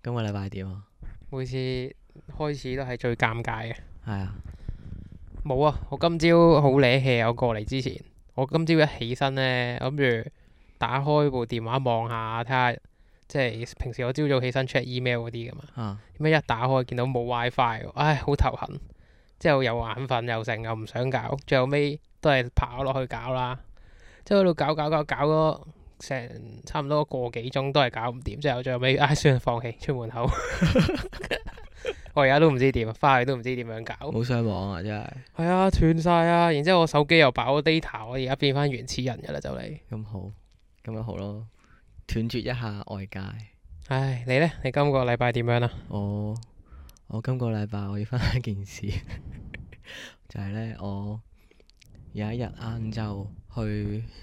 今個禮拜點啊？每次開始都係最尷尬嘅。係啊。冇啊！我今朝好勞氣，我過嚟之前，我今朝一起身呢，諗住打開部電話望下睇下，即係平時我朝早起身 check email 嗰啲㗎嘛。嗯、啊。一打開見到冇 WiFi 唉，好、哎、頭痕。之後又眼瞓又成又唔想搞，最後尾都係跑落去搞啦。即係喺度搞搞搞搞咯～搞成差唔多個幾鐘都係搞唔掂，之後最後尾唉算放棄出門口。 我而家都唔知點，翻去都唔知點樣搞。冇上網啊，真係。係啊，斷晒啊，然之後我手機又爆 data，我而家變翻原始人噶啦，就、啊、嚟。咁好，咁樣好咯，斷絕一下外界。唉，你呢？你今個禮拜點樣啊？我我今個禮拜我要翻一件事， 就係呢。我有一日晏晝去。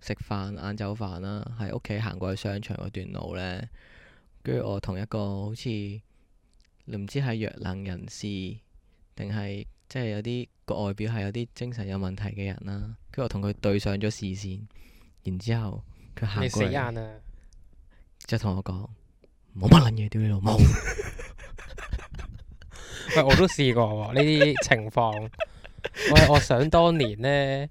食飯、晏晝飯啦，喺屋企行過去商場嗰段路呢。跟住我同一個好似唔知係弱能人士定係即係有啲個外表係有啲精神有問題嘅人啦，跟住我同佢對上咗視線，然之後佢行過嚟，就同我講「冇乜嘢屌你老母！」 喂，我都試過呢啲 情況，我我想當年呢。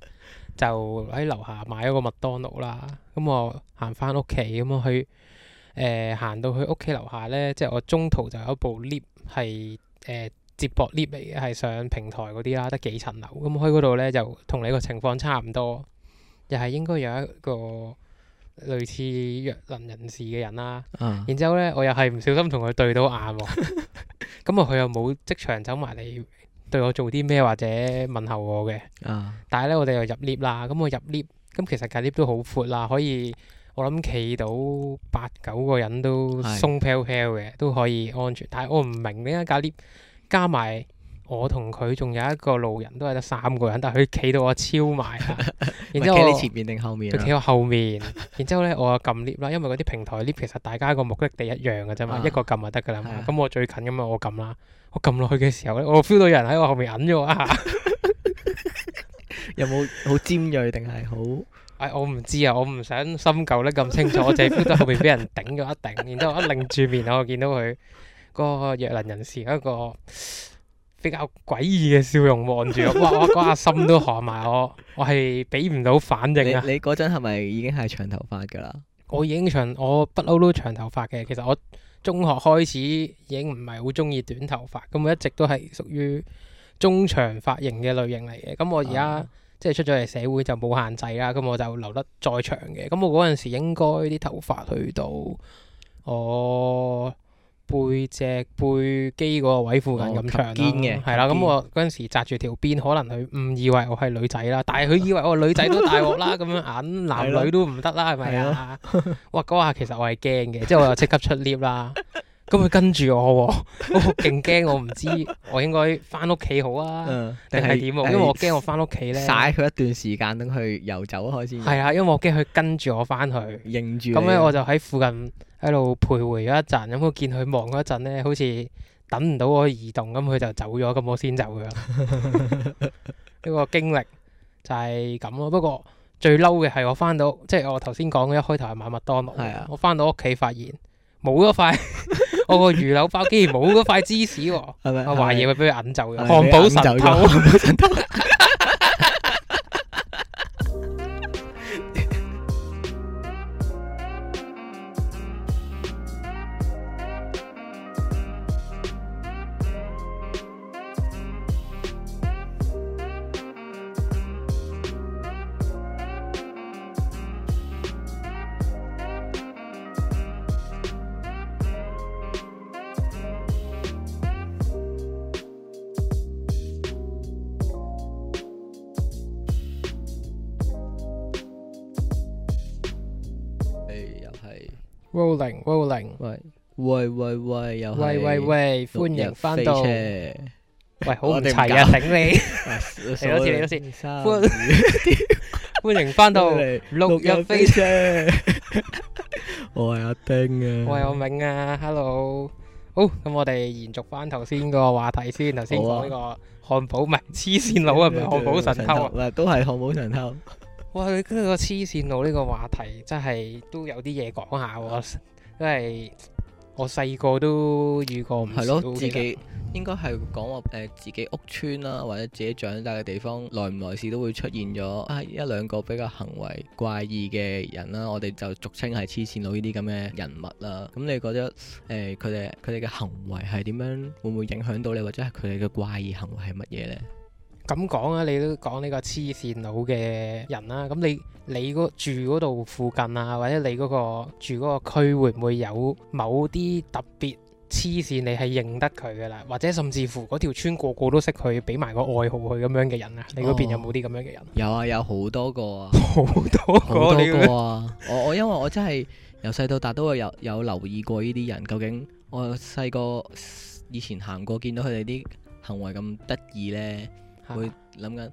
就喺樓下買咗個麥當勞啦，咁我行翻屋企咁啊去誒行、呃、到去屋企樓下咧，即係我中途就有一部 lift 係誒接駁 lift 嚟嘅，係上平台嗰啲啦，得幾層樓咁去嗰度咧就同你個情況差唔多，又係應該有一個類似弱能人士嘅人啦，啊、然之後咧我又係唔小心同佢對到眼喎，咁啊佢又冇即場走埋你。.對我做啲咩或者問候我嘅，啊、但係咧我哋又入 lift 啦，咁、嗯、我入 lift，咁其實架 lift 都好闊啦，可以我諗企到八九個人都鬆 p a 嘅，是的 都可以安全。但係我唔明點解架 lift 加埋我同佢仲有一個路人，都係得三個人，但係佢企到我超埋，然之後你 前面定後面？佢企我後面， 然之後咧我又撳 lift 啦，因為嗰啲平台 lift 其實大家個目的地一樣嘅啫嘛，啊、一個撳就得㗎啦。咁是的 我最近咁啊，我撳啦。我撳落去嘅時候咧，我 feel 到有人喺我後面揞咗，我、啊。下， 有冇好尖銳定係好？哎，我唔知啊，我唔想深究得咁清楚， 我淨係 feel 到後面俾 人頂咗一頂，然之後一擰住面，我見到佢、個弱能人士一個比較詭異嘅笑容望住我，哇！我嗰下心都寒埋我，我係俾唔到反應啊！你嗰陣係咪已經係長頭髮噶啦？我已經長，我不嬲都長頭髮嘅。其實我。中學開始已經唔係好中意短頭髮，咁我一直都係屬於中長髮型嘅類型嚟嘅。咁我而家、嗯、即係出咗嚟社會就冇限制啦，咁我就留得再長嘅。咁我嗰陣時應該啲頭髮去到哦。背脊背肌嗰個位附近咁長嘅，係啦、哦，咁的我嗰陣時紮住條辮，可能佢誤以為我係女仔啦，但係佢以為我女仔都大鑊啦，咁 樣啊，男女都唔得啦，係咪啊？ 哇，嗰下其實我係驚嘅， 即係我即刻出 lift 啦。 咁佢跟住我，我勁驚，我唔知我應該翻屋企好啊，定係點啊？因為我驚我翻屋企咧，晒佢一段時間等佢遊走開先。係啊，因為我驚佢跟住我翻去。認住。咁咧，我就喺附近喺度徘徊咗一陣，咁我見佢望一陣咧，好似等唔到我移動，咁佢就走咗，咁我先走噶。呢個經歷就係咁咯。不過最嬲嘅係我翻到，即係我頭先講，一開頭係買麥當勞。係啊。我翻到屋企發現冇咗塊。我個、 哦、魚柳包竟然冇嗰塊芝士，哦，係咪、我懷疑會俾佢引走嘅，漢堡神偷。 Rolling，Rolling，喂喂喂喂又，喂喂喂，歡迎翻到，喂好唔齊啊，頂你，嚟多次嚟多次，歡迎歡迎翻到六日飛車，我係阿丁啊，我係阿明啊，Hello，好，咁我哋延續翻頭先個話題先，頭先講呢個漢堡，唔係黐線佬啊，係咪漢堡神偷啊，都係漢堡神偷。哇！你，嗰個黐線佬呢個話題真係都有啲嘢講下喎，嗯、因為我細個都遇過唔少，的自己應該係講我誒，自己屋村啦，或者自己長大嘅地方，來唔來事都會出現咗，啊、一兩個比較行為怪異嘅人啦。我哋就俗稱係黐線佬呢啲咁嘅人物啦。咁你覺得誒佢哋佢哋嘅行為係點樣？會唔會影響到你？或者係佢哋嘅怪異行為係乜嘢呢？咁講啊，你都講呢個黐線佬嘅人啦。咁你你住嗰度附近啊，或者你個住嗰個區會唔會有某啲特別黐線？你係認得佢噶啦，或者甚至乎嗰條村個個都識佢，俾埋個愛好佢咁樣嘅人啊？你嗰邊有冇啲咁樣嘅人、哦？有啊，有好多個啊，好多好多個啊。 我我因為我真係由細到大都會有有留意過呢啲人。究竟我細個以前行過，見到佢哋啲行為咁得意呢。會諗緊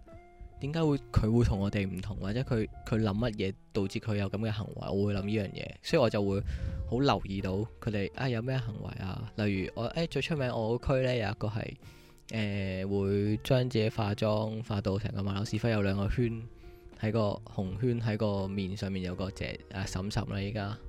點解會佢會同我哋唔同，或者佢佢諗乜嘢導致佢有咁嘅行為？我會諗呢樣嘢，所以我就會好留意到佢哋啊有咩行為啊。例如我誒、哎、最出名我個區呢有一個係誒、呃、會將自己化妝化到成個馬騮屎忽，有兩個圈喺個紅圈喺個面上面有個隻誒審查啦依家。啊沈沈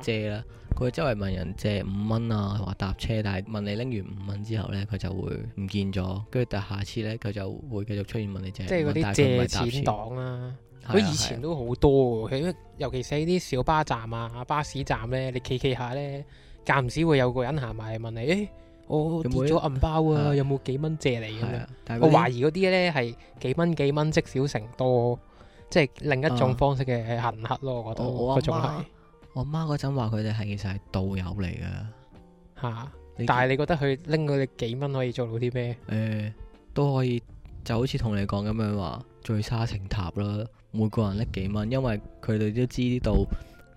借啦，佢周圍問人借五蚊啊，話搭車，但係問你拎完五蚊之後呢，佢就會唔見咗，跟住但下次呢，佢就會繼續出現問你借。即係嗰啲借錢黨啦，佢以前都好多，佢尤其是啲小巴站啊、巴士站呢，你企企下呢，間唔時會有個人行埋問你，「我跌咗銀包啊，有冇幾蚊借你？」咁樣？我懷疑嗰啲呢係幾蚊幾蚊積少成多，即係另一種方式嘅行乞咯，我覺得種係。我媽嗰陣話佢哋係其實係導遊嚟㗎，吓、啊，你但係你覺得佢拎嗰啲幾蚊可以做到啲咩？誒、欸，都可以，就好似同你講咁樣話，聚沙成塔啦，每個人拎幾蚊，因為佢哋都知道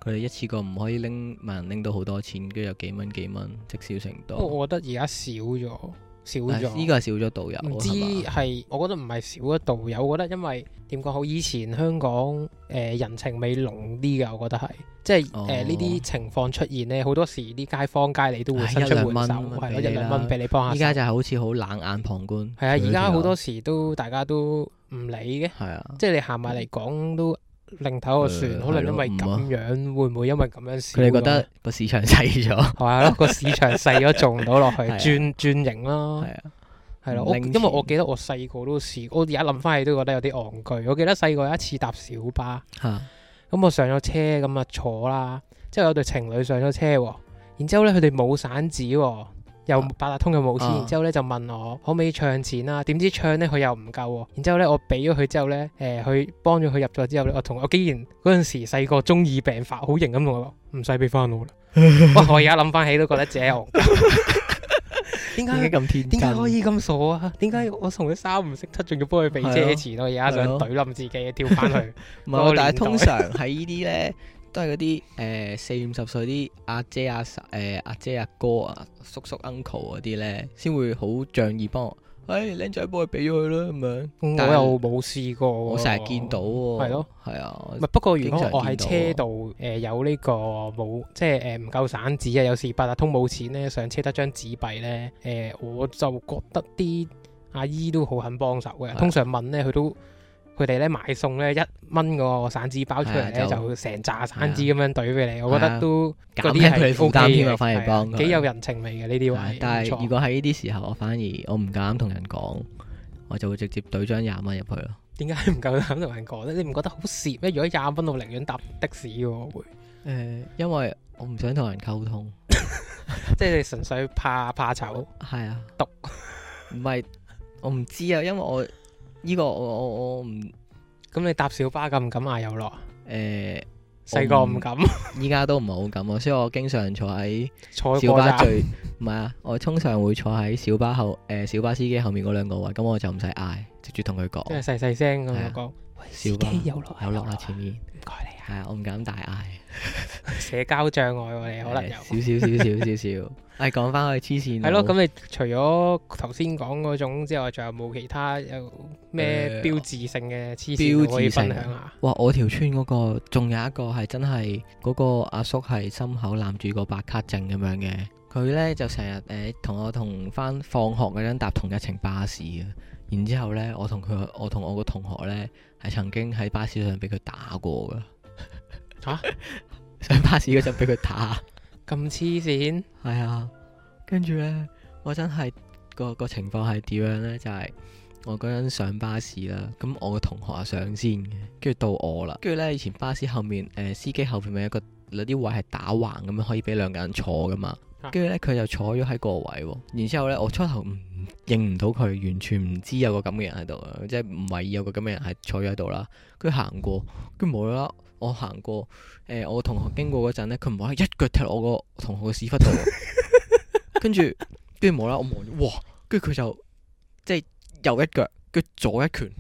佢哋一次過唔可以拎萬拎到好多錢，跟住有幾蚊幾蚊積少成多。我覺得而家少咗。少咗，依、哎，這個少咗導遊。唔知係吧，我覺得唔係少咗導遊，我覺得因為點講好？以前香港誒、呃、人情味濃啲嘅，我覺得係，即係誒呢啲情況出現咧，好多時啲街坊街里都會伸出援手，係攞、哎、一兩蚊俾你幫下。依家就係好似好冷眼旁觀。係啊，而家好多時都大家都唔理嘅。係啊、嗯，即係你行埋嚟講都。另頭個船可能因為咁樣，會唔會因為咁樣事？佢哋覺得個市場細咗，係咯？個市場細咗，中唔到落去，轉轉型咯。係啊，係咯。因為我記得我細個都試過，我而家諗翻起都覺得有啲戇居。我記得細個有一次搭小巴，咁我上咗車，咁啊坐啦，之後有對情侶上咗車，然之後咧佢哋冇散紙。又八達通又冇錢，啊、然之後咧就問我可唔可以唱錢啊？點知唱咧佢又唔夠，啊，然後之後咧我俾咗佢之後咧，誒，去幫咗佢入咗之後咧，我同我竟然嗰陣時細個中意病發好型咁，我唔使俾翻我啦。 哇！我而家諗翻起都覺得自己點解咁點解可以咁傻啊？點解我同佢三唔識七，仲要幫佢俾車錢？哦、我而家想懟冧自，自己，掉翻、哦、去。 但係通常喺呢啲咧。 都係嗰啲誒，四五十歲啲阿姐阿叔、阿姐阿、啊、哥啊叔叔 uncle 嗰啲咧，先會好仗義幫我。誒，靚仔幫我俾佢啦咁樣。我又冇試過我我，我成日見到喎。係咯，係啊的。不過，如果我喺車度誒有呢個冇即係誒唔夠散紙啊，有時八達通冇錢咧，上車得張紙幣咧，誒、呃、我就覺得啲阿姨都好肯幫手嘅。的通常問咧，佢都。佢哋咧買餸咧一蚊個散紙包出嚟咧，就成紮散紙咁樣兌俾你，我覺得都嗰啲係負擔添啊！反而幫幾有人情味嘅呢啲話，但係如果喺呢啲時候，我反而我唔夠膽同人講，我就會直接兌張廿蚊入去咯。點解唔夠膽同人講咧？你唔覺得好蝕咩？如果廿蚊，我寧願搭的士喎我會。誒，因為我唔想同人溝通，即係你純粹怕怕醜，係啊，毒唔係我唔知啊，因為我。呢個我我我唔，咁你搭小巴敢唔敢嗌有落啊？誒、欸，細個唔敢，依家不 都唔係好敢啊，所以我經常坐喺小巴最，唔係啊，我通常會坐喺小巴後，誒、呃、小巴司機後面嗰兩個位，咁我就唔使嗌，直接同佢講，即係細細聲咁樣講，小巴司機有落，啊，有落啦，啊、前面，唔該你。係啊，我唔敢大嗌。 社交障礙、啊，我哋可能有 少，少少少少少少。誒、 哎，講翻去黐線。係咯，咁你除咗頭先講嗰種之外，仲有冇其他有咩標誌性嘅黐線可以分享下？哇、呃！我條村嗰、嗰個，仲、嗯、有一個係真係嗰個阿叔，係心口攬住個白卡證咁樣嘅。佢呢就成日誒同我同翻放學嗰陣搭同一程巴士啊。然之後呢，我同佢，我同我個同學呢，係曾經喺巴士上俾佢打過噶。啊、 上巴士嗰陣俾佢打， 咁黐線。係啊，跟住呢，我真係、嗰個個情況係點樣呢？就係、是、我嗰陣上巴士啦，咁我個同學啊上先嘅，跟住到我啦。跟住呢，以前巴士後面誒、呃、司機後面咪有個有啲、呃、位係打橫咁樣可以俾兩個人坐噶嘛。跟住、啊、呢，佢就坐咗喺個位，然之後呢我初頭唔認唔到佢，完全唔知有個咁嘅人喺度，即係唔係有個咁嘅人係坐咗喺度啦。佢行過，佢冇啦。我行過誒、呃，我同學經過嗰陣咧，佢唔好啦，一腳踢落我個同學嘅屎忽度， 跟住跟住冇啦，我望住，哇！跟住佢就即係、就是、右一腳，跟住左一拳，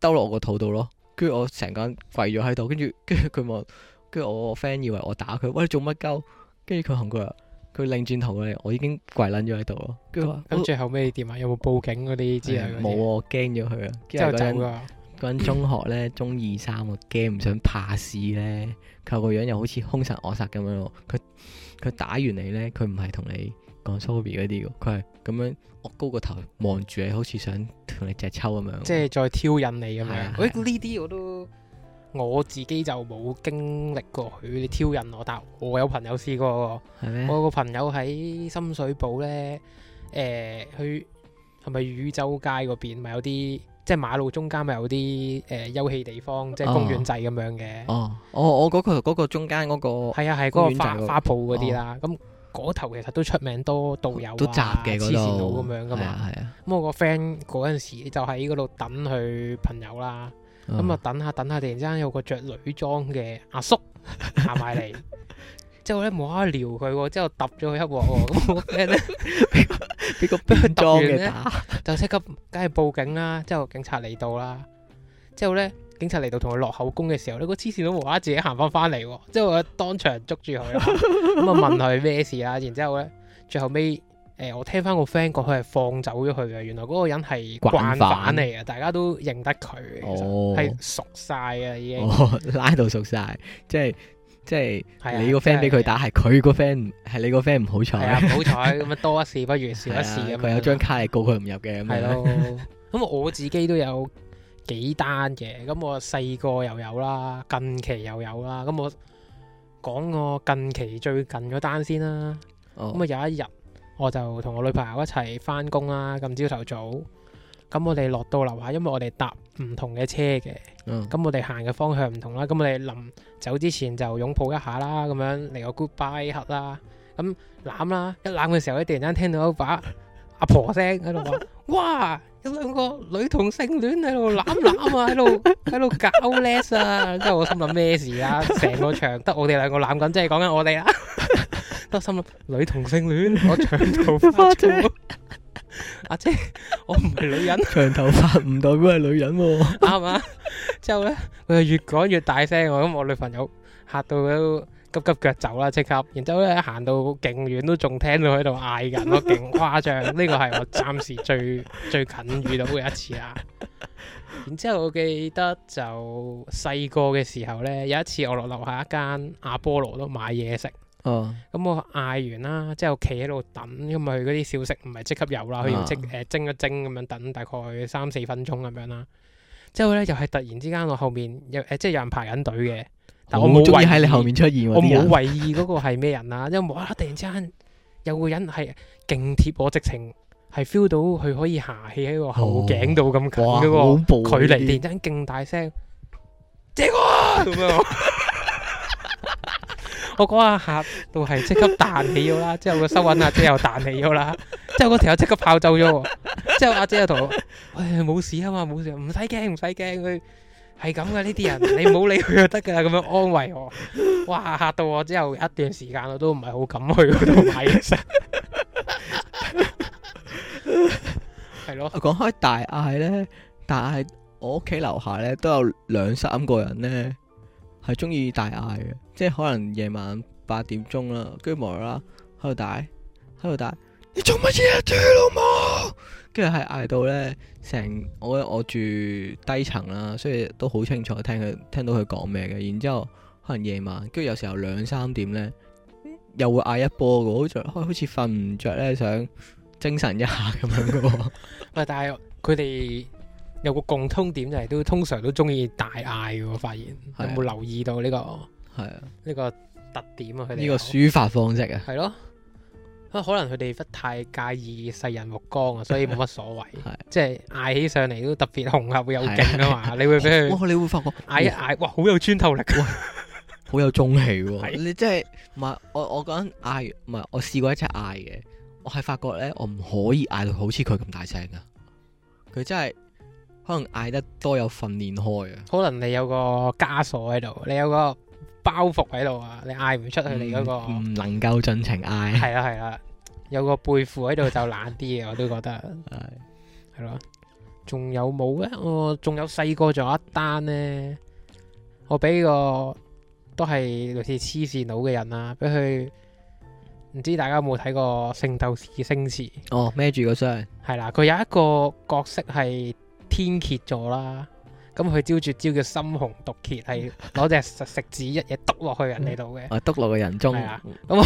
兜落我，肚我個肚度咯。跟住我成個人跪咗喺度，跟住跟住佢望，跟住我個 friend 以為我打佢，喂，你做乜鳩？跟住佢行過啦，佢擰轉，轉頭咧，我已經跪捻咗喺度咯。跟住話咁最後尾點啊？有冇報警嗰啲之類？冇、哎，我驚咗佢啦。之後，後走啦。搵 中學咧，中二三啊，驚唔想怕事咧，佢個樣又好似凶神惡煞咁樣喎。佢佢打完你咧，佢唔係同你講 sorry 啲嘅，佢係咁樣我高個頭望住你，好似想同你隻抽咁樣。即係再挑釁你咁樣。誒呢啲我都我自己就冇經歷過佢挑釁我，答：「我有朋友試過。嗎我有個朋友喺深水埗咧，誒、呃，佢係咪宇宙街嗰邊？咪有啲？即係馬路中間咪有啲誒，休憩地方。哦、即係公園仔咁樣嘅，哦。哦，我我嗰個中間嗰個係啊係嗰個花花舖嗰啲啦。咁嗰，哦、頭其實都出名多導遊，都雜嘅，黐線佬咁樣㗎嘛。係啊，咁我個 friend 嗰陣時就喺嗰度等佢朋友啦。咁啊等下等下，等下突然之間有個着女裝嘅阿叔行埋嚟。 之後咧冇阿撩佢，之後揼咗佢一鑊，咁我咧俾個俾佢揼完 就即刻梗係報警啦，之後警察嚟到啦，之後咧警察嚟到同佢落口供嘅時候咧，那個黐線佬冇啦自己行翻翻嚟，之後我當場捉住佢啦，咁啊 問佢咩事啦，然之後咧最後尾，誒、呃、我聽翻個 friend 講佢係放走咗佢嘅，原來嗰個人係慣犯嚟嘅，哦、大家都認得佢，係熟晒啊已經，拉、哦哦、到熟晒，即係。 即係、啊、你個 friend 俾佢打，係佢、啊、個 friend，係你個 friend 唔好彩，唔、啊、好彩咁 多一事不如少、啊、一事咁。佢有張卡嚟告佢唔入嘅，係咯。咁我自己都有幾單嘅，咁我細個又有啦，近期又有啦。咁我講個近期最近嗰單先啦。咁啊、哦、有一日，我就同我女朋友一齊翻工啦。咁朝頭早，咁我哋落到樓下，因為我哋搭。唔同嘅車嘅，咁我哋行嘅方向唔同啦，咁我哋臨走之前就擁抱一下啦，咁樣嚟個 goodbye 刻啦，咁攬啦，一攬嘅時候突然間聽到一把阿婆聲喺度話，哇，有兩個女同性戀喺度攬攬啊，喺度喺度搞 less 啊，真係我心諗咩事啊？成個場得我哋兩個攬緊，即係講緊我哋啦，得心諗女同性戀，我長頭髮。阿、啊、姐，我唔係女人，長頭髮唔代表係女人喎、啊，啱嘛、 啊？之後咧，佢越講越大聲，我諗我女朋友吓到都急急腳走啦，即刻。然之後咧，行到勁遠都仲聽到喺度嗌緊，誇張 我勁誇張。呢個係我暫時最 最近遇到嘅一次啦。然之後我記得就細個嘅時候呢，有一次我落樓下一間阿波羅都買嘢食。咁、嗯嗯、我嗌完啦，之後企喺度等，因為佢嗰啲小食唔係即刻有啦，佢要即誒、呃、蒸一蒸咁樣，等大概三四分鐘咁樣啦。之後咧又係突然之間我後面有、呃、即係有人排緊隊嘅。但我冇意喺、哦、你後面出現，我冇意意嗰個係咩人啦，因為嘩突然之間有個人係勁貼我，直情係 feel 到佢可以行氣喺個後頸度咁近嗰個、哦、距離，突然之間勁大聲，借過、啊。 我講下，吓到係即刻彈起咗啦，之後個收銀阿姐又彈起咗啦， 之後嗰條友即刻跑走咗，之後阿姐又同我，唉，冇事啊嘛，冇事，唔使驚，唔使驚，佢係咁嘅呢啲人，你唔好理佢就得噶啦，咁樣安慰我。哇，吓到我之後一段時間我都唔係好敢去嗰度買嘢食。係咯，講開大嗌咧，但係我屋企樓下咧都有兩三個人咧。係中意大嗌嘅，即係可能夜晚八點鐘啦，跟住無啦啦喺度大，喺度大，你做乜嘢啊，住老母！跟住係嗌到咧，成我我住低層啦，所以都好清楚聽佢聽到佢講咩嘅。然之後可能夜晚，跟住有時候兩三點咧，嗯、又會嗌一波嘅。好似好似瞓唔着咧，想精神一下咁樣嘅喎。 但係佢哋，有個共通點就係都通常都中意大嗌嘅，我發現有冇留意到呢個？係啊，呢個特點啊，佢哋呢個抒發方式啊，係咯，可能佢哋不太介意世人目光啊，所以冇乜所謂，即係嗌起上嚟都特別雄厚會有勁啊嘛！你會俾佢，你會發覺嗌一嗌，哇，好有穿透力，好有中氣喎！你即係唔係？我我講嗌唔係，我試過一次嗌嘅，我係發覺咧，我唔可以嗌到好似佢咁大聲㗎！佢真係～可能嗌得多有訓練開啊。可能你有個枷鎖喺度，你有個包袱喺度啊，你嗌唔出去，你嗰個唔能夠盡情嗌。係啦係啦，有個背負喺度就難啲嘅，我都覺得係係咯。仲有冇咧？我仲有細個仲有一單咧，我俾個都係類似黐線佬嘅人啊，俾佢。唔知大家有冇睇過《聖鬥士星矢》哦，孭住個箱係啦。佢有一個角色係。天蠍座啦，咁佢招住招叫深紅毒蠍，係攞隻食指一嘢篤落去人哋度嘅，篤落去人中。咁、啊嗯、 我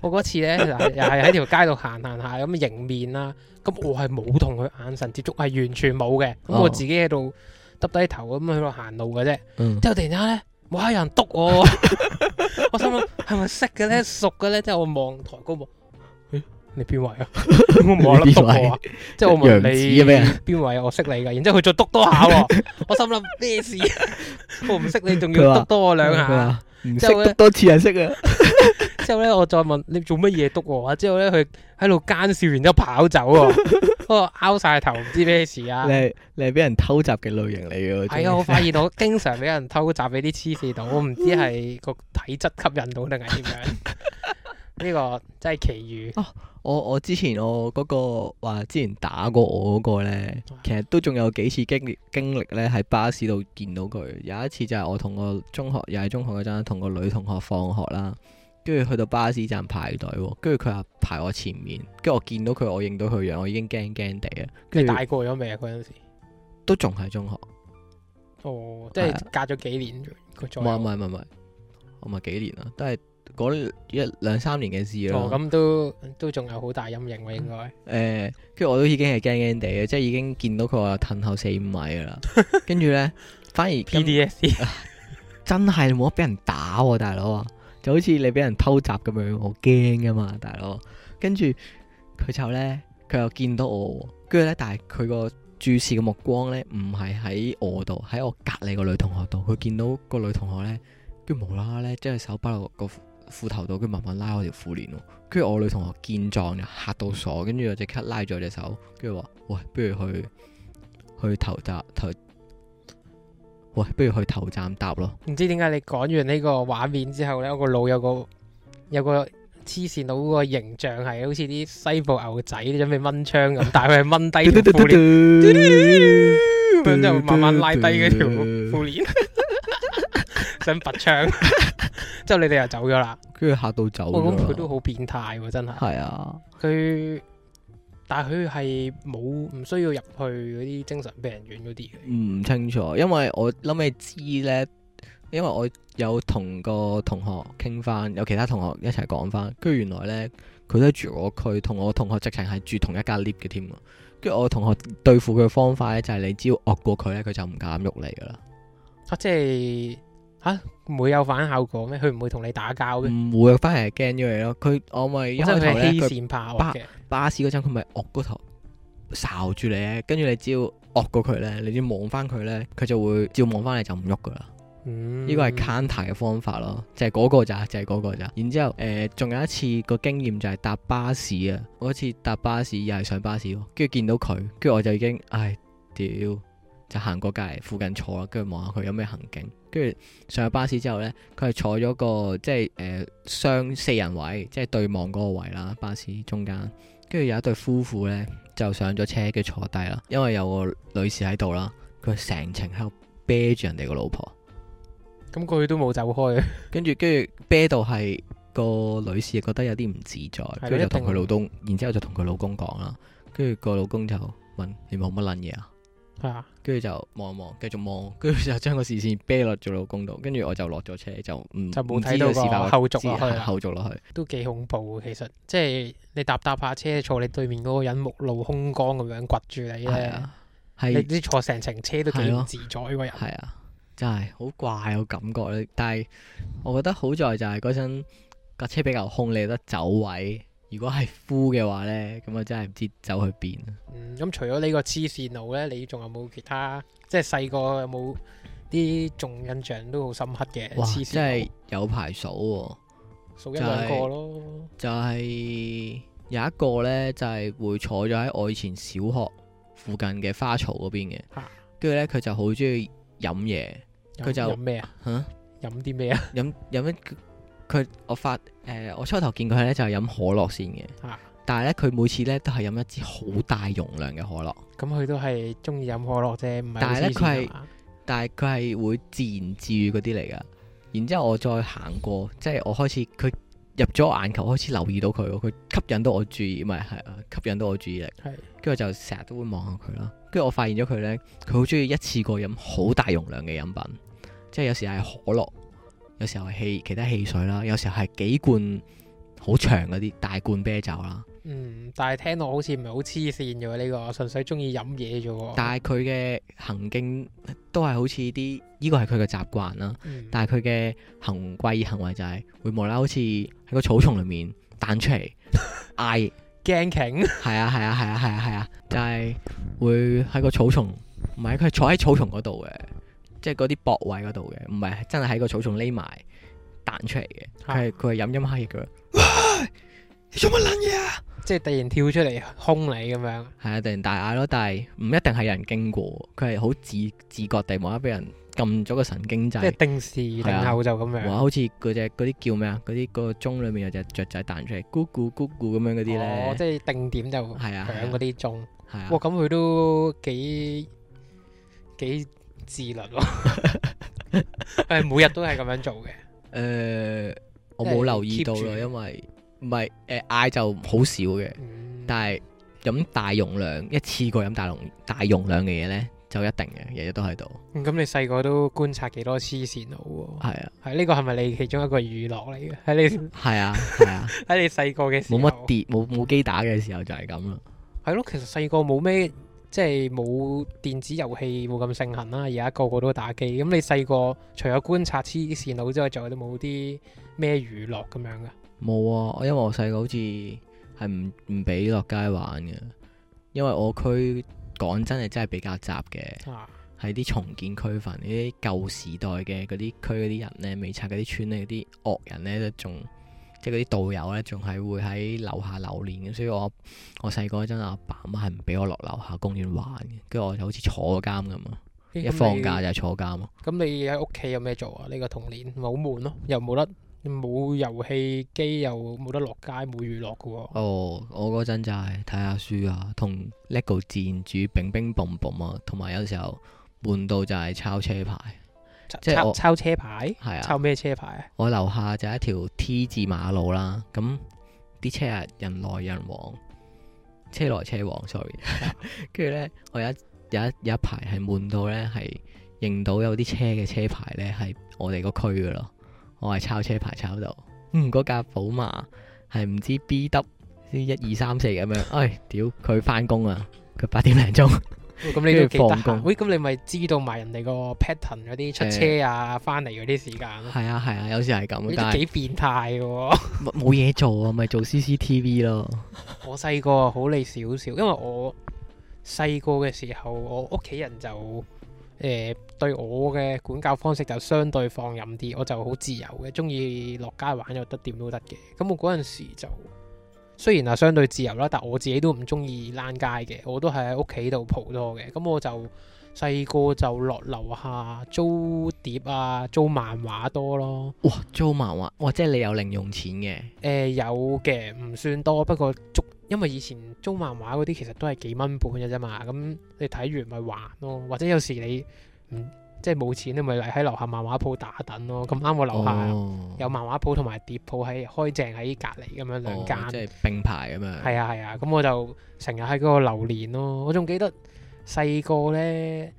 我嗰次咧，又係喺條街度行行下，咁迎面啦，咁我係冇同佢眼神接觸，係完全冇嘅。咁我自己喺度耷低頭咁去度行路嘅啫。之後突然間咧，哇！有人篤我， 我心諗係咪識嘅咧，嗯、熟嘅咧？即係我望錯過。.你邊位啊？我冇諗篤我啊！即係我問你邊位，我識你噶。然之後佢再篤多下， 我心諗咩事？ 我唔識你，仲要篤多我兩下？唔識，篤多次係識啊！之後咧 我再問你，你做乜嘢篤我啊？之後咧佢喺度奸笑，完之後跑走喎，嗰個拗晒頭，唔知咩事啊！你你係俾人偷襲嘅類型嚟嘅？係 啊！我發現我到，經常俾人偷襲，俾啲黐線度。我唔知係個體質吸引到定係點樣？ 呢、呢個真係奇遇啊！我我之前我嗰、嗰個話之前打過我嗰、嗰個咧，其實都仲有幾次經歷經歷呢，喺巴士度見到佢。有一次就係我同個中學又係中學嗰陣，同個女同學放學啦，跟住去到巴士站排隊，跟住佢係排我前面，跟住我見到佢，我認到佢樣，我已經驚驚地啊！跟住大個咗未啊？嗰陣時都仲喺中學哦，即係隔咗幾年唔係唔係唔係，唔係、哎、呀有幾年啦，都係。嗰一兩三年嘅事咯，咁、哦、都都仲有好大陰影咯、啊，應該該誒，跟住、嗯欸、我都已經係驚驚地嘅，即係已經見到佢話褪後四五米啦。跟住咧，反而 P D S 真係冇得俾人打大佬，啊，就好似你俾人偷襲咁樣，我驚噶嘛，大佬。跟住佢就咧，佢又見到我，跟住咧，但係佢個注視嘅目光咧，唔係喺我度，喺我隔籬個女同學度。佢見到個女同學咧，跟住無啦啦咧，將手包落、那個。褲頭度，佢慢慢拉我條褲鏈，跟住我女同學見狀就嚇到傻，跟住就即刻拉咗隻手，跟住話：喂，不如去去頭搭頭，頭，喂，不如去頭站搭咯。唔知點解你講完呢個畫面之後咧，我個腦有個有個黐線佬個形象係好似啲西部牛仔準備掹槍咁，但係佢係掹低條褲鏈，跟住 慢慢拉低嗰條褲鏈。 想拔槍， 之後你哋又走咗啦。跟住吓到走。我諗佢都好變態喎、啊是啊，真係。係啊，佢但係佢係冇唔需要入去嗰啲精神病院嗰啲。唔清楚，因為我諗你知呢，因為我有同個同學傾翻，有其他同學一齊講翻。跟住原來呢，佢都住我區，同我同學直情係住同一間 lift 嘅，添。跟住我同學對付佢嘅方法呢，就係你只要惡過佢呢，佢就唔敢喐你噶啦、啊。即係。唔、啊、會有反效果咩？佢唔會同你打交嘅。唔會，翻嚟係驚咗你咯。佢我咪一開頭咧，佢黐線怕我巴，巴士嗰陣佢咪惡個頭，睄住你咧。跟住你只要惡過佢咧，你要望翻佢咧，佢就會照望翻你就唔喐噶啦。呢依個係 counter 嘅方法咯，就係、是、嗰、那個咋，就係、是、嗰個咋。然之後誒，仲、呃、有一次個經驗就係搭巴士啊！我次搭巴士又係上巴士，跟住見到佢，跟住我就已經唉屌！就行過隔籬，附近坐啦，跟住望下佢有咩行徑，跟住上咗巴士之後呢，佢係坐咗個即係誒雙四人位，即係對望嗰個位啦，巴士中間。跟住有一對夫婦呢，就上咗車，跟住坐低啦，因為有個女士喺度啦，佢成程喺度啤住人哋個老婆。咁佢都冇走開。跟住跟住啤到係個女士，覺得有啲唔自在，的跟住痛就同佢老公，然之後就同佢老公講啦。跟住個老公就問：你冇乜撚嘢啊？係啊，跟住就望一望，繼續望，跟住就將個視線啤落咗老公度，跟住我就落咗車，就唔睇到道個後續落去，後續落去都幾恐怖其實，即係你搭搭下車坐你對面嗰個人目露凶光咁樣掘住你咧，係、啊、你坐成程車都唔自在嗰個、啊、人，係啊，真係好怪個感覺咧，但係我覺得好在就係嗰陣架車比較空，你得走位。如果係敷嘅話呢，咁我真係唔知走去邊啊！咁、嗯、除咗呢個黐線佬呢，你仲有冇其他？即係細個有冇啲仲印象都好深刻嘅？哇，黐線？即係有排數喎，數一兩個咯、就是。就係、是、有一個呢，就係、是、會坐咗喺我以前小學附近嘅花槽嗰邊嘅。跟住哈呢，佢就好中意飲嘢，佢就咩啊？吓，飲啲咩啊？飲飲一佢我發誒、呃、我初頭見佢咧就係、是、飲可樂先嘅，啊、但係咧佢每次咧都係飲一支好大容量嘅可樂。咁佢都係中意飲可樂啫，唔係。但係咧佢係，但係佢係會自言自語嗰啲嚟噶。嗯、然之後我再行過，即係我開始佢入咗眼球，開始留意到佢，佢吸引到我注意，唔係係啊，吸引到我注意力。係是，跟住就成日都會望下佢啦。跟住我發現咗佢咧，佢好中意一次過飲好大容量嘅飲品，嗯、即係有時係可樂。有時候係汽其他汽水啦，有時候係幾罐好長嗰啲大罐啤酒啦。嗯，但係聽落好似唔係好黐線嘅，呢個純粹中意飲嘢啫喎。但係佢嘅行徑都係好似啲，呢個係佢嘅習慣啦。嗯、但係佢嘅行規行為就係、是、會無啦啦，好似喺個草叢裏面彈出嚟，嗌驚驚，係啊係啊係啊係啊係啊，啊啊啊啊 就係會喺個草叢，唔係佢係坐喺草叢嗰度嘅。即係嗰啲泊位嗰度嘅，唔係真係喺個草叢匿埋彈出嚟嘅，係佢係飲飲黑液嘅。喂！你做乜撚嘢啊？Jamie，jam ap，Jim，啊即係突然跳出嚟兇你咁樣。係啊，突然大嗌咯，但係唔一定係有人經過，佢係好自自覺地冇啦，俾人撳咗個神經就即係定時定候就咁樣。好似嗰隻嗰啲叫咩啊？嗰啲個鐘裏面有隻雀仔彈出嚟，咕咕咕咕咁樣嗰啲咧。哦，即係定點就響嗰啲鐘。係啊。哇，咁佢都幾幾。understood 自律咯，係 每日都係咁樣做嘅。誒，我冇留意到咯，續因為唔係誒嗌，就好少嘅，嗯、但係飲大容量一次過飲大容大容量嘅嘢咧，就一定嘅，日日都喺度。咁、嗯、你細個都觀察幾多黐線佬？係啊，係呢、啊這個係咪你其中一個娛樂嚟嘅？喺你係啊係啊，喺、啊、 你細個嘅時候冇乜跌冇冇機打嘅時候就係咁啦。係咯、啊，其實細個冇咩。即係冇電子遊戲冇咁盛行啦。而家個個都打機咁，你細個除咗觀察黐線佬之外，仲有冇啲咩娛樂咁樣㗎？冇啊！因為我細個好似係唔唔俾落街玩嘅，因為我區講真係真係比較雜嘅，喺啲、啊、重建區份，呢啲舊時代嘅嗰啲區嗰啲人呢，未拆嗰啲村呢啲惡人呢，都仲。即係嗰啲導遊呢，仲係會喺樓下留連嘅，所以我我細個嗰陣阿爸媽係唔俾我落樓下公園玩嘅，跟住我就好似坐監咁啊！一放假就係坐監啊！咁你喺屋企有咩做啊？呢個童年咪好悶咯，又冇得冇遊戲機，又冇得落街，冇娛樂嘅喎。哦，我嗰陣就係睇下書啊，同 LEGO 戰主，乒乒蹦蹦啊，同埋有時候悶到就係抄車牌。即係抄，抄車牌，係啊，抄咩車牌啊？我樓下就一條 T 字馬路啦，咁啲車人來人往，車來車往，sorry。跟住咧，我有一有一有一排係悶到咧，係認到有啲車嘅車牌咧係我哋個區噶咯。我係抄車牌抄到，嗯，嗰架寶馬係唔知 B W 先一二三四咁樣，唉、哎，屌，佢翻工啊，佢八點零鐘。咁、哎、你都記得？喂，咁、哎、你咪知道埋人哋個 pattern 嗰啲出車啊、翻嚟嗰啲時間咯。係啊，係啊，有時係咁。咁就幾變態喎、啊！冇嘢做啊，咪 做 CCTV 咯。 我細個好你少少，因為我細個嘅時候，我屋企人就誒、呃、對我嘅管教方式就相對放任啲，我就好自由嘅，中意落街玩又得，點都得嘅。咁我嗰陣時就。雖然啊，相對自由啦，但我自己都唔中意躝街嘅，我都係喺屋企度蒲多嘅。咁我就細個就落樓下租碟啊，租漫畫多咯。哇，租漫畫，哇，即係你有零用錢嘅？誒、呃，有嘅，唔算多，不過租，因為以前租漫畫嗰啲其實都係幾蚊本嘅啫嘛。咁你睇完咪還咯，或者有時你唔。嗯即係冇錢，咪嚟喺樓下漫畫鋪打等咯。咁啱我樓下有漫畫鋪同埋碟鋪，喺開正喺隔離咁樣兩間。哦、即係並排咁樣。係啊係啊，咁、啊、我就成日喺嗰個流連咯。我仲記得細個咧，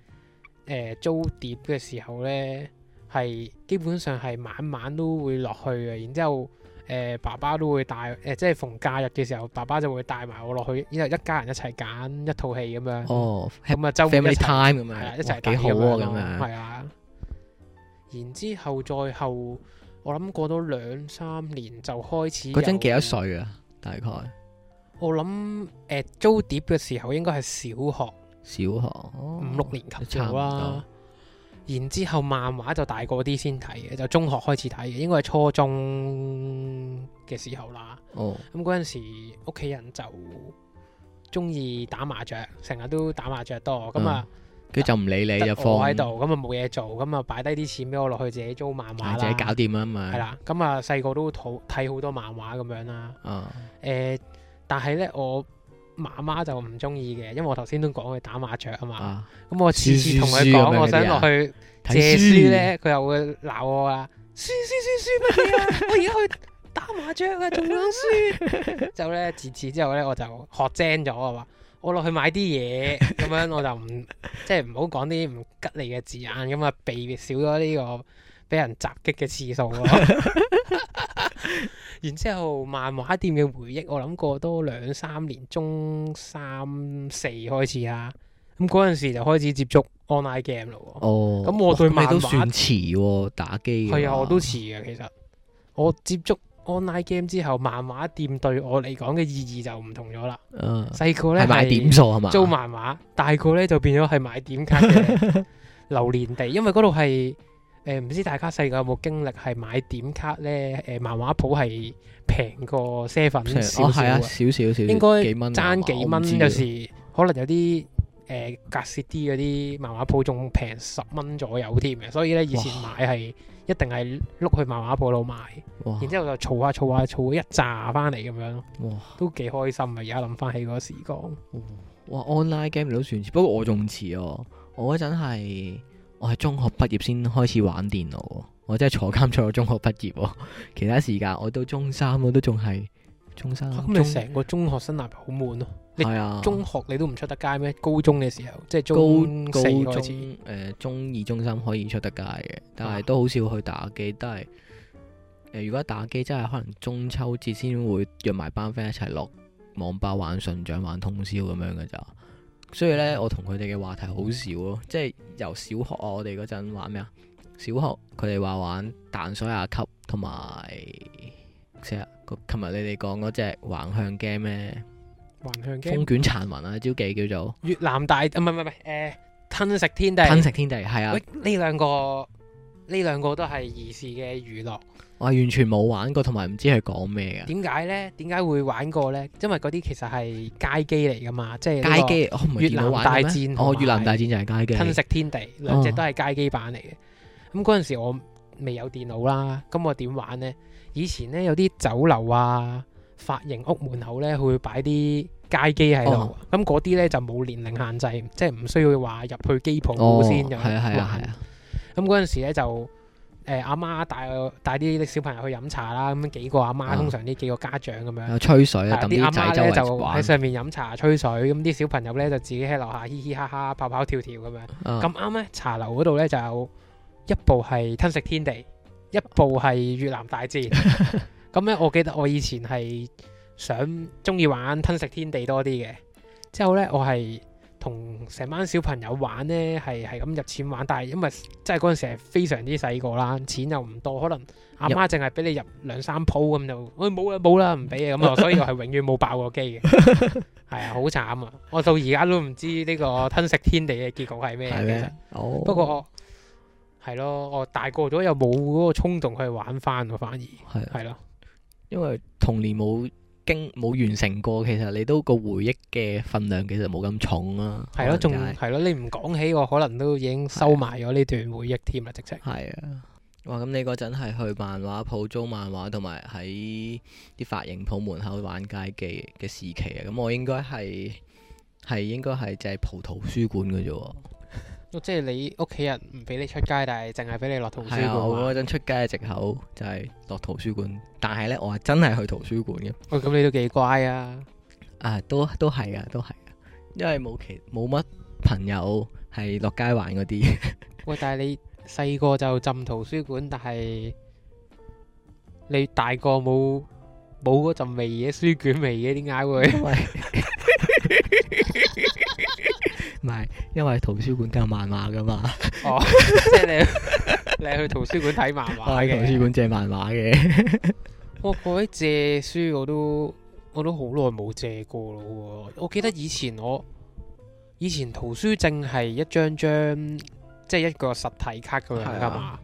誒、呃、租碟嘅時候咧，係基本上係晚晚都會落去嘅。然之後。誒爸爸都會帶誒，即係逢假日嘅時候，爸爸就會帶埋我落去，然後一家人一齊揀一套戲咁、哦、樣。哦，咁啊，周末一齊，family time 咁啊，一齊打幾好啊咁啊。係啊，然之後再後，我諗過到兩三年就開始。嗰陣幾多歲啊？大概？我諗誒、呃、租碟嘅時候應該係小學，小學五六、哦、年級就啦。然之後漫畫就大個啲先睇嘅，就中學開始睇嘅，應該係初中嘅時候啦。咁嗰陣時屋企人就鍾意打麻雀，成日都打麻雀多咁啊。佢、嗯嗯、後就唔理你就，我就放喺度，咁啊冇嘢做，咁啊擺低啲錢俾我落去自己租漫畫啦，自己搞掂啊嘛。係啦，咁啊細個都睇好多漫畫咁樣啦。啊、嗯嗯，但係呢，我。媽媽就唔中意嘅，因為我頭先都講佢打麻雀啊嘛，咁、啊、我次次同佢講，書書書我想落去借書呢，佢書又會鬧我啊！書書書書乜嘢啊！ 我而家去打麻雀啊，仲想書。之後咧，自此之後呢，我就學精咗啊！話我落去買啲嘢咁樣，我就唔 即係唔好講啲唔吉利嘅字眼咁啊，避免少咗呢個俾人襲擊嘅次數咯。 然之後漫畫店嘅回憶，我諗過多兩三年中三四開始啊。咁嗰陣時就開始接觸 online game 咯。哦，咁我對漫畫、哦、都算遲、啊，打機係啊，我都遲嘅。其實我接觸 online game 之後，漫畫店對我嚟講嘅意義就唔同咗啦。嗯，細個咧係買點數係嘛，租漫畫；大個咧就變咗係買點卡流連地， 因為嗰度係。誒，唔、呃、知大家細個有冇經歷係買點卡咧？誒、呃，漫畫鋪係平過 Seven 少少，少少少，少，應該爭幾蚊、啊，有時、就是、可能有啲誒、呃、格設啲嗰啲漫畫鋪仲平十蚊左右添嘅，所以咧以前買係哇一定係碌去漫畫鋪度買，哇然之後就儲下儲下儲一紮翻嚟咁樣咯，哇都幾開心啊！而家諗翻起嗰時光，嗯、哇，online game 唔到船算，不過我仲遲哦，我嗰陣係。我係中學畢業先開始玩電腦、哦，我真係坐監坐到中學畢業、喎， 其他時間我到中三，我都仲係中三。咁你成個中學生係咪好悶咯？係啊，中學你都唔出得街咩？高中嘅時候即係中高高四開誒、呃，中二、中三可以出得街嘅，但係都好少去打機，但係誒、呃，如果打機真係可能中秋節先會約埋班 friend 一齊落網吧玩神掌、玩通宵咁樣嘅咋。所以咧，我同佢哋嘅話題好少咯。即係由小學我哋嗰陣玩咩啊？小學佢哋話玩彈水下級，同埋咩啊？試試個琴日你哋講嗰隻橫向 game 咩？橫向 game 啊，風捲殘雲啊，招忌叫做越南大啊，唔係，唔係，誒，吞食天地，吞食天地係啊。呢兩個呢兩個都係兒時嘅娛樂。我完全冇玩過，同埋唔知係講咩嘅。點解呢？點解會玩過呢？因為嗰啲其實係街機嚟噶嘛，即係越南大戰，哦，越南大戰就係街機，吞食天地兩隻都係街機版嚟嘅。咁嗰陣時我未有電腦啦，咁我點玩呢？以前呢，有啲酒樓啊、髮型屋門口呢，佢會擺啲街機喺度。咁嗰啲呢，就冇年齡限制，即係唔需要話入去機鋪先咁。係啊係啊係啊！咁嗰陣時呢就。誒，阿媽帶帶啲小朋友去飲茶啦，咁幾個阿媽，啊、通常呢幾個家長咁樣，吹水啊，但啲阿媽咧就喺上面飲茶吹水，咁啲小朋友咧就自己喺樓下嘻嘻哈哈、跑跑跳跳咁樣。咁啱咧，茶樓嗰度咧就有一部係吞食天地，一部係越南大戰。咁咧，我記得我以前係想中意玩吞食天地多啲嘅，之後咧我係。同成班小朋友玩呢，係係咁入錢玩，但係因為即係嗰陣時係非常之細個啦，錢又唔多，可能阿媽淨係俾你入兩三鋪咁入就，誒冇啦冇啦，唔俾啊咁啊，所以我係永遠冇爆過機嘅，係 啊好慘啊！我到而家都唔知呢個吞食天地嘅結局係咩嘅，不過係咯、啊，我大個咗又冇嗰個衝動去玩翻反而係係咯，啊啊、因為童年冇。經冇完成過，其實你都個回憶嘅份量其實冇咁重啊。係咯、啊，仲係咯，你唔講起我可能都已經收埋咗呢段回憶添啦，直情、啊。係正啊，哇！咁你嗰陣係去漫畫鋪租漫畫，同埋喺啲髮型鋪門口玩街機嘅時期啊，咁我應該係係應該係就係蒲圖書館嘅啫喎。即係你屋企人唔俾你出街，但係淨係俾你落圖書館。係啊，我嗰陣出街嘅藉口就係落圖書館，但係呢我係真係去圖書館嘅。喂，咁你都幾乖啊？啊，都都係啊，都係啊，因為冇其冇乜朋友係落街玩嗰啲。喂，但係你細個就浸圖書館，但係你大個冇冇嗰陣味嘢，書卷味嘅，點解會？唔係，因為圖書館借漫畫噶嘛。哦， 即係你 你去圖書館睇漫畫。我喺圖書館借漫畫嘅。我嗰啲借書我都我都好耐冇借過咯。我記得以前我以前圖書證係一張張即係一個實體卡咁樣噶嘛。啊、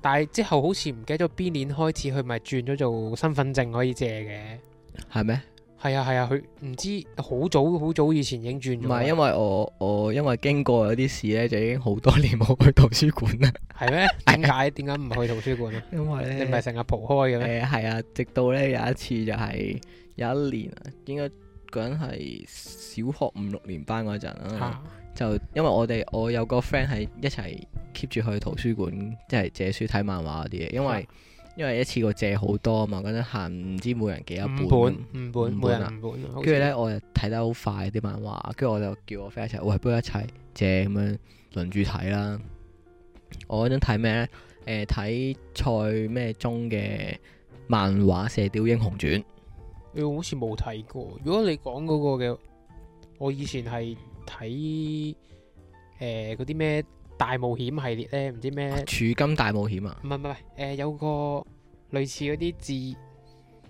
但係之後好似唔記得咗邊年開始，佢咪轉咗做身份證可以借嘅。係咩？係啊係啊，佢唔、啊、知好早好早以前已經轉咗。唔係，因為我我因為經過有啲事呢，就已經好多年冇去圖書館啦。係 咩？點解？點解唔去圖書館啊？因為咧，你唔係成日蒲開嘅咩？係、呃、啊，直到呢有一次就係、是、有一年，應該嗰陣係小學五六年班嗰陣啊，就因為我哋我有個 friend 係一齊 keep 住去圖書館，即係借書睇漫畫嗰啲嘢，因為。啊因為一次過借好多啊嘛，嗰陣行唔知每人幾多本，五本，五本，五本。跟住咧，呢像我睇得好快啲漫畫，跟住我就叫我 friend 一齊，喂，不如一齊借咁樣輪住睇啦。我嗰陣睇咩咧？誒、呃，睇蔡咩忠嘅漫畫《射雕英雄傳》欸。你好似冇睇過。如果你講嗰、那個嘅，我以前係睇誒嗰啲咩？呃大冒險系列咧，唔知咩儲金大冒險啊？唔係唔係，誒，有個類似嗰啲字，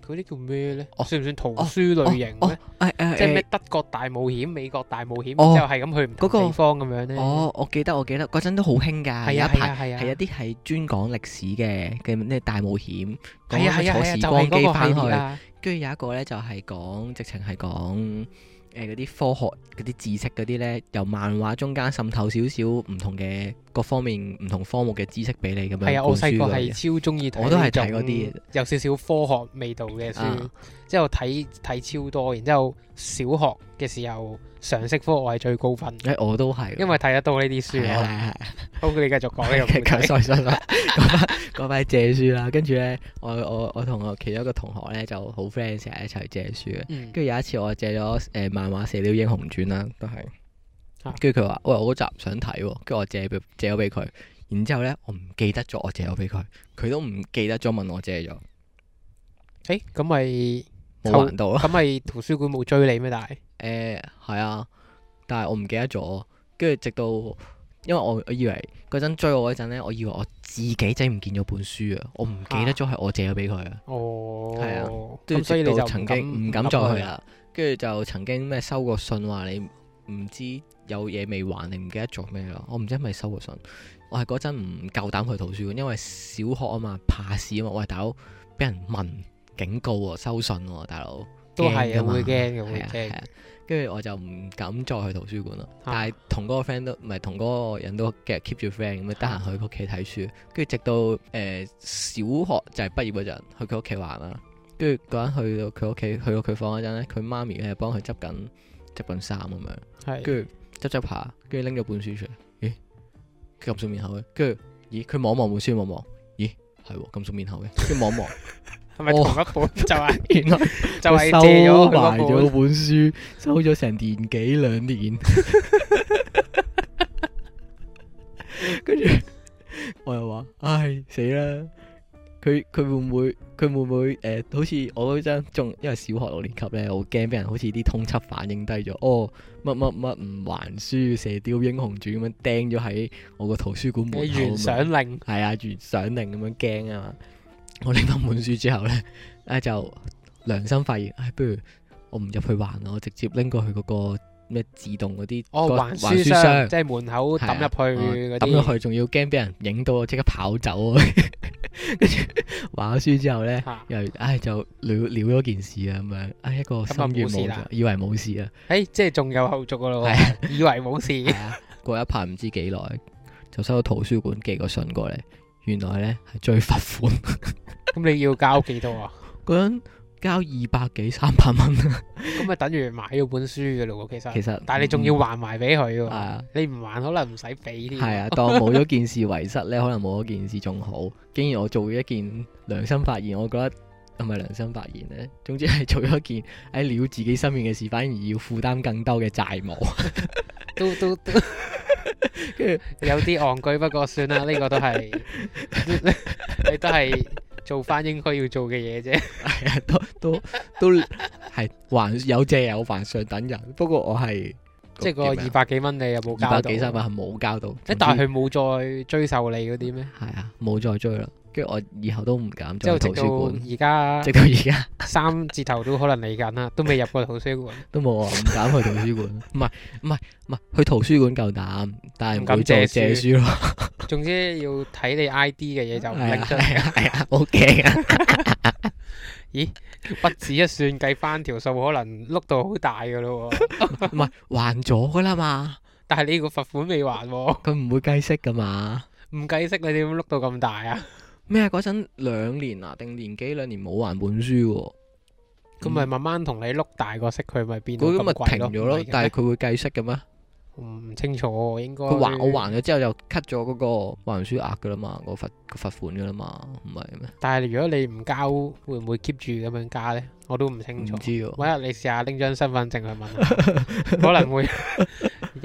嗰啲叫咩咧？哦，算唔算圖書類型咩？誒誒，即係咩德國大冒險、美國大冒險，之後係咁去唔同地方咁樣咧？哦，我記得我記得嗰陣都好興噶。係啊係啊係啊，係有啲係專講歷史嘅嘅咩大冒險，講佢坐時光機翻去，跟住有一個咧就係講，直情係講。誒，嗰啲科學嗰啲知識嗰啲呢，由漫畫中間滲透少少唔同嘅各方面唔同科目嘅知識俾你咁樣西。係啊，我細個係超中意睇，我都係睇嗰啲有少少科學味道嘅書，即係我睇睇超多。然之後小學嘅時候。常識科我係最高分，欸，我都係，因為睇得到呢啲書。好的，嗯，你繼續講呢個傾偈， 嗯。講晒晒啦，講翻借書啦。跟住咧，我我我同我其中一個同學咧就好 friend，成日一齊借書嘅。跟住有一次我、欸欸，我，我借咗誒漫畫《射雕英雄傳》啦，都係。跟住佢話，喂，我嗰集想睇，跟住我借借咗俾佢。然之後咧，我唔記得咗我借咗俾佢，佢都唔記得咗問我借咗。誒，欸，咁咪冇還到咯。咁咪圖書館冇追你咩？但係。誒，係、欸、啊，但係我唔記得咗，跟住直到，因為我我以為嗰陣追我嗰陣咧，我以為我自己整唔見咗本書啊，我唔記得咗係我借咗俾佢啊，哦，係啊、嗯，所以你就曾經唔敢再去啦，跟住就曾經咩收過信話你唔知有嘢未還，你唔記得咗咩咯。我唔知係咪收過信，我係嗰陣唔夠膽去圖書館，因為小學啊嘛，怕事啊嘛，我喂大佬俾人問警告啊，收信大佬。都係啊，會驚嘅，會驚、啊。跟住、啊、我就唔敢再去圖書館啦。啊、但係同嗰個 friend 都，唔係同嗰個人都繼續 keep 住 friend 咁，得閒去佢屋企睇書。跟住、啊、直到誒、呃，小學就係、是、畢業嗰陣，去佢屋企玩啦。跟住嗰日去到佢屋企，去到佢房嗰陣咧，佢媽咪咧幫佢執緊執緊衫咁樣，跟住執執下，跟住拎咗本書出嚟。咦？咁熟面口嘅，跟住咦？佢望望本書，望望，咦？係喎，咁熟面口嘅，跟住望望。 係咪同一本就係？原來就係借咗佢一本書收，收咗成年幾兩年。跟住我又話：唉、哎，死啦！佢佢會唔會？佢會唔會？誒、呃，好似我嗰張仲因為小學六年級咧，我驚俾人好似啲通緝犯影低咗。哦，乜乜乜唔還書《射鵰英雄傳》咁樣釘咗喺我個圖書館門口啊嘛。係、嗯、啊，懸賞令咁樣驚啊！嘛。」我拎翻本書之後咧，哎就良心發現，哎不如我唔入去還，我直接拎過去嗰個咩自動嗰啲還書箱，書箱即係門口抌入去嗰啲抌入去，仲要驚俾人影到，即刻跑走。跟住還咗書之後咧， 又哎就撩了咗件事啊咁樣，哎一個心願就以為冇事啊， 哎即係仲有後續噶咯，哎、呀以為冇事、 哎，過一排唔知幾耐就收到圖書館寄個信過嚟。原來咧係最罰款，咁 你要交幾多啊？嗰 人交二百幾三百蚊，咁咪等於買咗本書嘅咯喎。其實， 但係你仲要還埋俾佢，嗯、你唔還可能唔使俾添。係 啊，當冇咗件事遺失咧，可能冇咗件事仲好。 竟然我做一件良心發現，我覺得係咪良心發現咧？總之係做咗一件喺了自己心面嘅事，反而要負擔更多嘅債務.。 都都都，跟住 有啲戇居， 不過算啦，呢、呢個都係你都係做翻應該要做嘅嘢啫。係啊，都都都係還有借有還上等人，不過我係即係個二百幾蚊你又冇交到，二百幾三百係冇交到。誒，但係佢冇再追收你嗰啲咩？係啊，冇再追啦。跟住我以後都唔敢做圖書館，而家，直到而家到 三字頭都可能嚟緊啦，都未入過圖書館，都冇啊，唔敢去圖書館。唔係唔係唔係，去圖書館夠膽，但係唔敢借書借書咯。 總之要睇你 I D 嘅嘢就拎出嚟啊！O K 啊？ 咦，屈指一算計翻條數，可能碌到好大噶咯？唔 係還咗噶啦嘛？但係呢個罰款未還，還、哦，佢唔會計息噶嘛？唔計息，你點碌到咁大啊？咩啊？嗰陣兩年啊，定年幾兩年冇還本書？佢咪慢慢同你碌大個息，佢咪變？咁咪停咗咯。但係佢會計息嘅咩？唔清楚，應該。佢還我還咗之後，就 cut 咗嗰個還書額噶啦嘛，個罰個罰款噶啦嘛，唔係咩？但係如果你唔交，會唔會 keep 住咁樣加呢？我都唔清楚。唔知喎，或者你試下拎張身份證去問，可能會。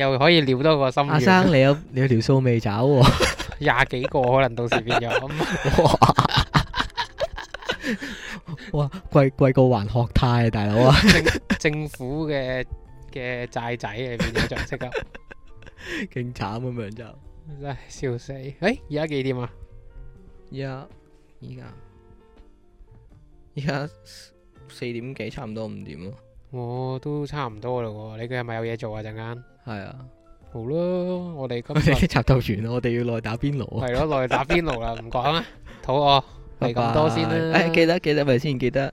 又可以撩多個心。阿生，你有你有條數未找喎？廿幾個可能到時變咗。哇！哇！貴貴過還學貸啊，大佬啊！政政府嘅嘅債仔嚟變咗樣式啦，勁慘咁樣就。真係笑死！誒，而家幾點啊？一，而家，而家四點幾，差唔多五點咯。我都差唔多啦，你佢係咪有嘢做啊？陣間係啊，好啦，我哋今日插頭完，我哋要落去打邊爐啊！係咯，落去打邊爐啦，唔講啦，肚餓，講多先啦。誒，記得記得咪先記得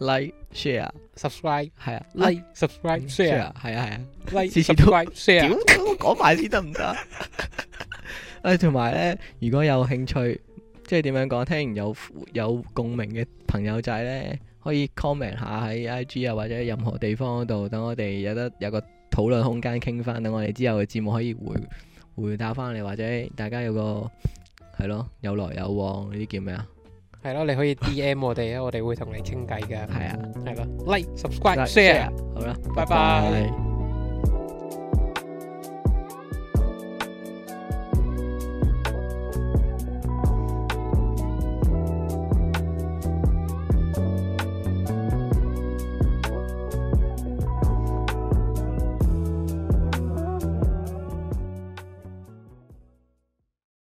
like share subscribe，係啊，like subscribe share，係啊係啊，like subscribe share，點講埋先得唔得啊？誒，同埋咧，如果有興趣，即係點樣講，聽完有有共鳴嘅朋友仔咧。可以 comment 下喺 IG 啊，或者任何地方度，等我哋有得有個討論空間傾翻，等我哋之後嘅節目可以回答回答翻你，或者大家有個係咯，有來有往呢啲叫咩啊？係咯，你可以 DM 我哋啊，我哋會同你傾偈㗎。係啊的，係咯，Like、Subscribe bye、Share，好啦，拜拜。